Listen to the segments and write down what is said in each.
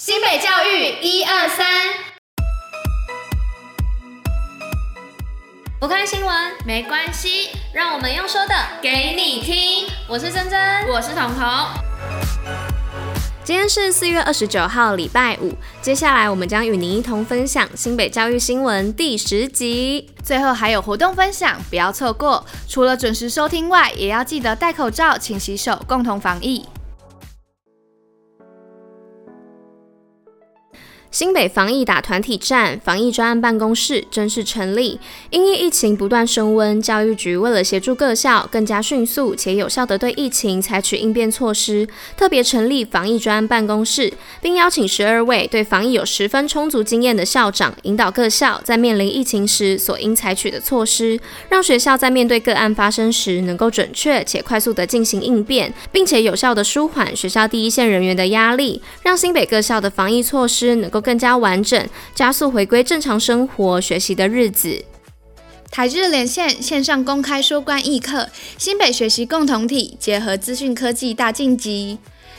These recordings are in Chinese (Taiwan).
新北教育一二三，1, 2，不看新聞沒關係，讓我們用說的給你聽。我是珍珍，我是彤彤。今天是四月二十九號，禮拜五。接下來我們將與您一同分享新北教育新聞第十集，最後還有活動分享，不要錯過。除了準時收聽外，也要記得戴口罩，勤洗手，共同防疫。新北防疫打團體戰，防疫專案辦公室正式成立。因疫情不斷升溫，教育局為了協助各校更加迅速且有效地對疫情採取應變措施，特別成立防疫專案辦公室，並邀請十二位對防疫有十分充足經驗的校長，引導各校在面臨疫情時所應採取的措施，讓學校在面對個案發生時能夠準確且快速地進行應變，並且有效地舒緩學校第一線人員的壓力，讓新北各校的防疫措施能夠更加完整，加速回歸正常生活、學習的日子。台日連線線上公開說觀議課，新北學習共同體結合資訊科技大進擊。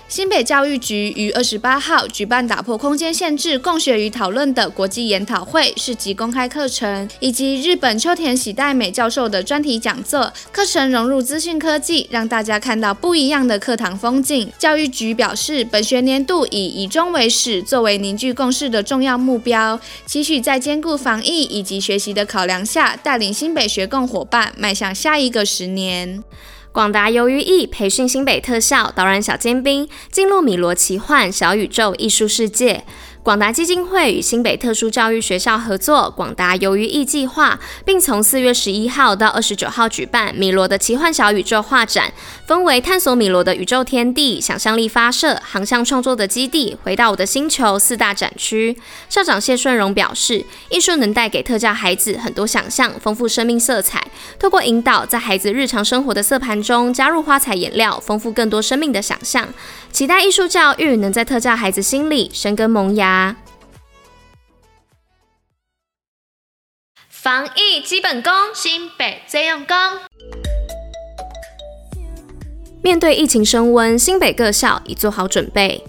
新北教育局於二十八號舉辦打破空間限制、共學與討論的國際研討會，市級公開課程以及日本秋田喜代美教授的專題講座。課程融入資訊科技，讓大家看到不一樣的課堂風景。教育局表示，本學年度以以終為始作為凝聚共識的重要目標，期許在兼顧防疫以及學習的考量下，帶領新北學共夥伴邁向下一個十年。廣達游於藝培訓新北特校導覽小尖兵，進入米羅奇幻小宇宙藝術世界。廣達基金會與新北特殊教育學校合作“廣達游於藝計劃”，並從四月十一號到二十九號舉辦米羅的奇幻小宇宙畫展，分為探索米羅的宇宙天地、想象力發射、航向創作的基地、回到我的星球四大展區。校長謝順榮表示，藝術能帶給特教孩子很多想象，豐富生命色彩。透過引導，在孩子日常生活的色盤中加入花彩顏料，豐富更多生命的想象。期待藝術教育能在特教孩子心裡生根萌芽。防疫基本功，新北最用功。面對疫情升溫，新北各校已做好準備。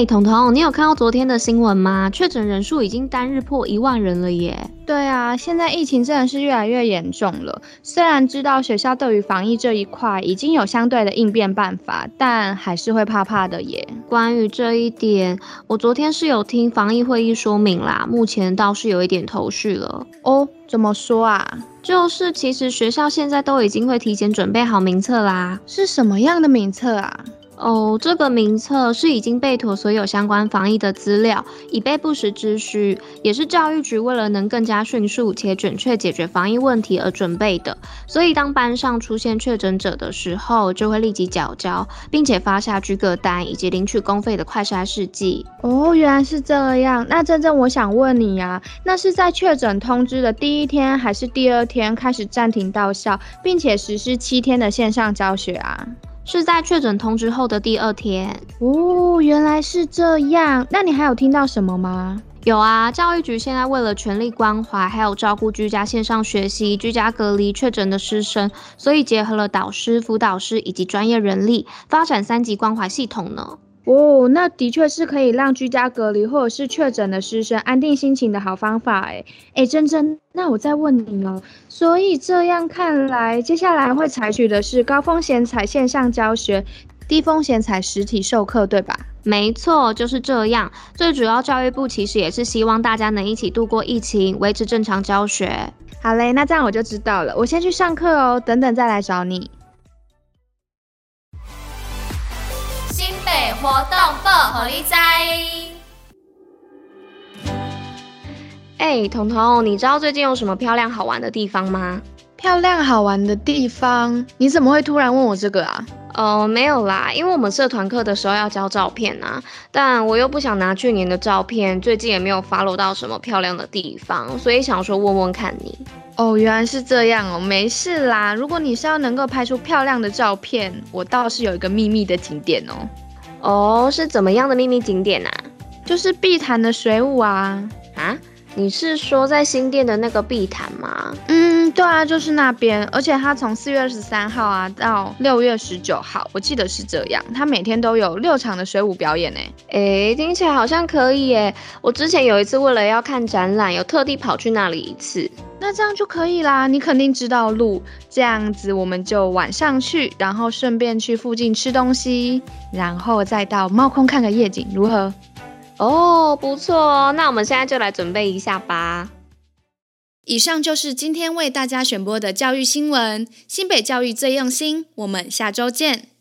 欸，彤彤，你有看到昨天的新聞嗎？確診人數已經單日破一萬人了耶！對啊，現在疫情真的是越來越嚴重了。雖然知道學校對於防疫這一塊已經有相對的應變辦法，但還是會怕怕的耶。關於這一點，我昨天是有聽防疫會議說明啦，目前倒是有一點頭緒了。哦，怎麼說啊？就是其實學校現在都已經會提前準備好名冊啦。是什麼樣的名冊啊？哦，這個名冊是已經備妥所有相關防疫的資料，以備不時之需，也是教育局為了能更加迅速且準確解決防疫問題而準備的。所以當班上出現確診者的時候，就會立即繳交，並且發下居隔單以及領取公費的快篩試劑。哦，原來是這樣。那真正我想問你呀、啊，那是在確診通知的第一天還是第二天開始暫停到校，並且實施七天的線上教學啊？是在確診通知後的第二天。哦，原來是這樣。那你還有聽到什麼嗎？有啊，教育局現在為了全力關懷，還有照顧居家線上學習、居家隔離確診的師生，所以結合了導師、輔導師以及專業人力，發展三級關懷系統呢。哦，那的確是可以讓居家隔離或者是確診的師生安定心情的好方法誒。哎、欸，珍珍，那我再問你哦。所以這樣看來，接下來會採取的是高風險採線上教學，低風險採實體授課，對吧？沒錯，就是這樣。最主要，教育部其實也是希望大家能一起度過疫情，維持正常教學。好嘞，那這樣我就知道了。我先去上課哦，等等再來找你。活動報虎哩知。哎、欸，彤彤，你知道最近有什麼漂亮好玩的地方嗎？漂亮好玩的地方？你怎麼會突然問我這個啊？哦，沒有啦，因為我們社團課的時候要交照片啊，但我又不想拿去年的照片，最近也沒有發露到什麼漂亮的地方，所以想說問問看你。哦，原來是這樣哦、喔，沒事啦。如果你是要能夠拍出漂亮的照片，我倒是有一個秘密的景點哦、喔。哦，是怎麼樣的秘密景點啊？就是碧潭的水舞啊啊！你是說在新店的那個碧潭嗎？嗯，對啊，就是那邊。而且它從四月二十三號啊到六月十九號，我記得是這樣。它每天都有六場的水舞表演誒、欸。誒、欸，聽起來好像可以誒、欸。我之前有一次為了要看展覽，有特地跑去那裡一次。那這樣就可以啦，你肯定知道路。這樣子我們就晚上去，然後順便去附近吃東西，然後再到貓空看個夜景，如何？哦，不錯哦。那我們現在就來準備一下吧。以上就是今天為大家選播的教育新聞，新北教育最用心。我們下周見。